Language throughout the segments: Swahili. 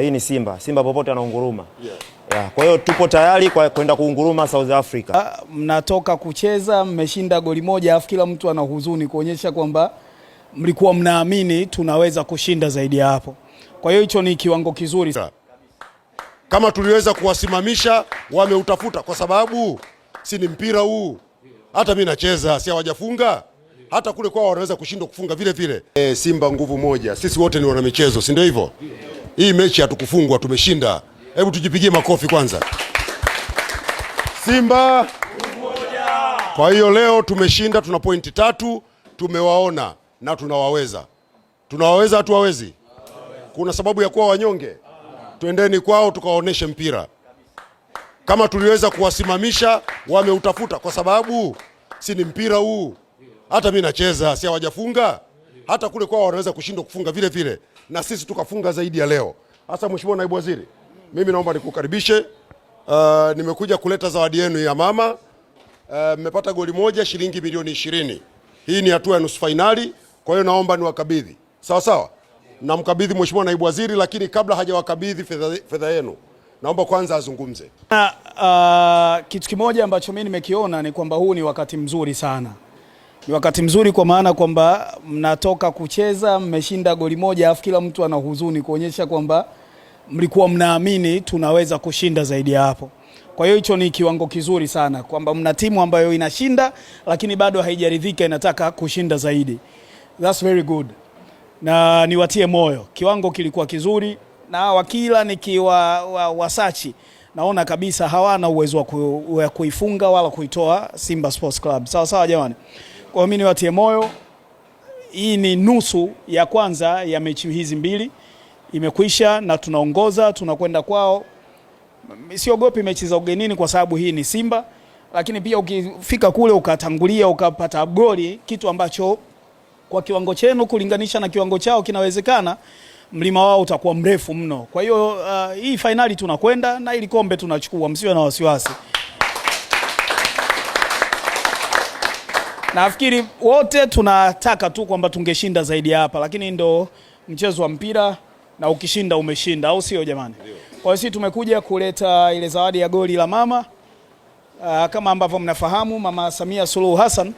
Hii ni Simba. Simba popote anaunguruma, yeah. Yeah. Kwa hiyo tupo tayari kwa kwenda kuunguruma South Africa. Ah, mnatoka kucheza mmeshinda goli moja, afu kila mtu ana huzuni kuonyesha kwamba mlikuwa mnaamini tunaweza kushinda zaidi ya hapo. Kwa hiyo hicho ni kiwango kizuri kama tuliweza kuwasimamisha, wameutafuta kwa sababu si ni mpira huu, hata mi nacheza, si hawajafunga hata kule kwao wanaweza kushindwa kufunga vile vile. E, Simba nguvu moja, sisi wote ni wanamichezo, si ndio hivyo? hii mechi hatukufungwa, tumeshinda. Hebu tujipigie makofi kwanza, Simba. Kwa hiyo leo tumeshinda, tuna pointi tatu, tumewaona na tunawaweza. Tunawaweza, hatuwawezi? Kuna sababu ya kuwa wanyonge? Twendeni kwao tukawaoneshe mpira kama tuliweza kuwasimamisha, wameutafuta kwa sababu si ni mpira huu. Hata mi nacheza, si hawajafunga hata kule kwao wanaweza kushindwa kufunga vile vile, na sisi tukafunga zaidi ya leo. Hasa Mheshimiwa Naibu Waziri, mimi naomba nikukaribishe. Uh, nimekuja kuleta zawadi yenu ya mama. Uh, mmepata uh, goli moja shilingi milioni ishirini. Hii ni hatua ya nusu fainali, kwa hiyo naomba niwakabidhi sawa sawa, namkabidhi Mheshimiwa Naibu Waziri, lakini kabla hajawakabidhi fedha yenu naomba kwanza azungumze. Uh, kitu kimoja ambacho mimi nimekiona ni kwamba huu ni wakati mzuri sana ni wakati mzuri kwa maana kwamba mnatoka kucheza mmeshinda goli moja, alafu kila mtu ana huzuni kuonyesha kwamba mlikuwa mnaamini tunaweza kushinda zaidi ya hapo. Kwa hiyo hicho ni kiwango kizuri sana kwamba mna timu ambayo inashinda lakini bado haijaridhika, inataka kushinda zaidi. That's very good. Na niwatie moyo, kiwango kilikuwa kizuri na wakila nikiwa wa, wasachi naona kabisa hawana uwezo wa kuifunga wala kuitoa Simba Sports Club. Sawa sawa, jamani. Kwa hiyo mimi niwatie moyo, hii ni nusu ya kwanza ya mechi hizi mbili imekwisha, na tunaongoza tunakwenda kwao. Siogopi mechi za ugenini kwa sababu hii ni Simba, lakini pia ukifika kule ukatangulia ukapata goli, kitu ambacho kwa kiwango chenu kulinganisha na kiwango chao kinawezekana, mlima wao utakuwa mrefu mno. Kwa hiyo uh, hii fainali tunakwenda na ili kombe tunachukua, msiwe na wasiwasi. Nafikiri wote tunataka tu kwamba tungeshinda zaidi hapa, lakini ndo mchezo wa mpira na ukishinda umeshinda, au sio jamani? Kwa hiyo sisi tumekuja kuleta ile zawadi ya goli la mama. Aa, ah, kama ambavyo mnafahamu Mama Samia Suluhu Hassan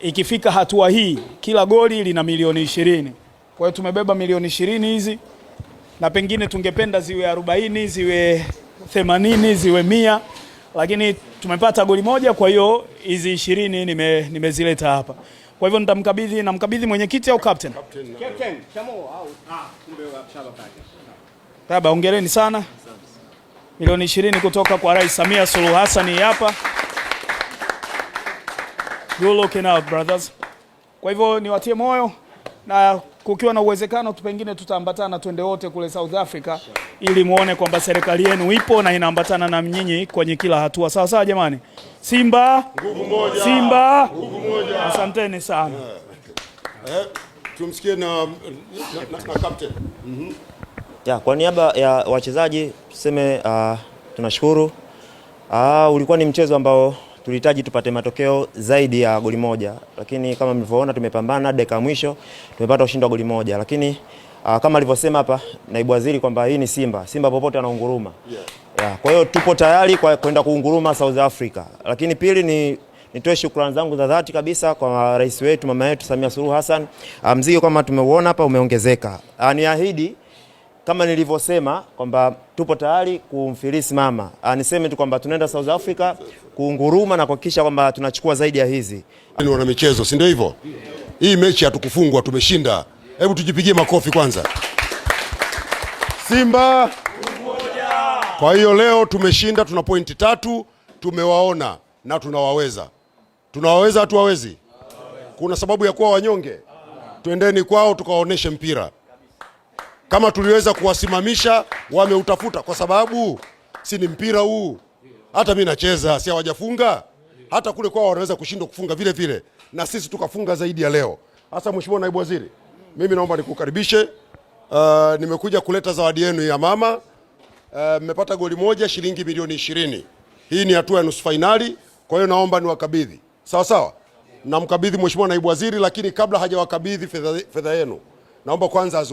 ikifika hatua hii kila goli lina milioni ishirini. Kwa hiyo tumebeba milioni ishirini hizi na pengine tungependa ziwe arobaini, ziwe themanini, ziwe mia, lakini tumepata goli moja, kwa hiyo hizi ishirini nime, nimezileta hapa. Kwa hivyo nitamkabidhi, namkabidhi mwenyekiti au captain. Captain. Ah, Baba, hongereni sana. Milioni ishirini kutoka kwa Rais Samia Suluhu Hassan hapa. You looking out brothers. Kwa hivyo niwatie moyo na kukiwa na uwezekano tu pengine tutaambatana twende wote kule South Africa ili muone kwamba serikali yenu ipo na inaambatana na mnyinyi kwenye kila hatua. Sawa sawa, jamani. Simba nguvu moja, Simba nguvu moja. Asanteni sana yeah. Eh, tumsikie na, na, na, na captain mm -hmm. ya, kwa niaba ya wachezaji tuseme, uh, tunashukuru uh, ulikuwa ni mchezo ambao tulihitaji tupate matokeo zaidi ya goli moja, lakini kama mlivyoona tumepambana dakika mwisho tumepata ushindi wa goli moja, lakini uh, kama alivyosema hapa naibu waziri kwamba hii ni Simba, Simba popote anaunguruma yeah. Yeah, kwa hiyo tupo tayari kwa kwenda kuunguruma South Africa, lakini pili ni nitoe shukrani zangu za dhati kabisa kwa rais wetu mama yetu Samia Suluhu Hassan. Ah, mzigo kama tumeuona hapa umeongezeka, ah, niahidi kama nilivyosema kwamba tupo tayari kumfilisi mama. Ah, niseme tu kwamba tunaenda South Africa kunguruma na kuhakikisha kwamba tunachukua zaidi ya hizi. Ni wana michezo, si ndio hivyo? Hii mechi hatukufungwa, tumeshinda. Hebu tujipigie makofi kwanza. Simba! Kwa hiyo leo tumeshinda, tuna pointi tatu, tumewaona na tunawaweza. Tunawaweza, hatuwawezi? Kuna sababu ya kuwa wanyonge? Twendeni kwao tukawaoneshe mpira. Kama tuliweza kuwasimamisha, wameutafuta kwa sababu si ni mpira huu. Hata mimi nacheza, si hawajafunga hata kule kwao, wanaweza kushindwa kufunga vile vile, na sisi tukafunga zaidi ya leo. Hasa Mheshimiwa Naibu Waziri, mimi naomba nikukaribishe. Uh, nimekuja kuleta zawadi yenu ya mama. Uh, mmepata uh, goli moja, shilingi milioni ishirini. Hii ni hatua ya nusu fainali, kwa hiyo naomba niwakabidhi sawa sawa. Namkabidhi Mheshimiwa Naibu Waziri, lakini kabla hajawakabidhi fedha yenu, naomba kwanza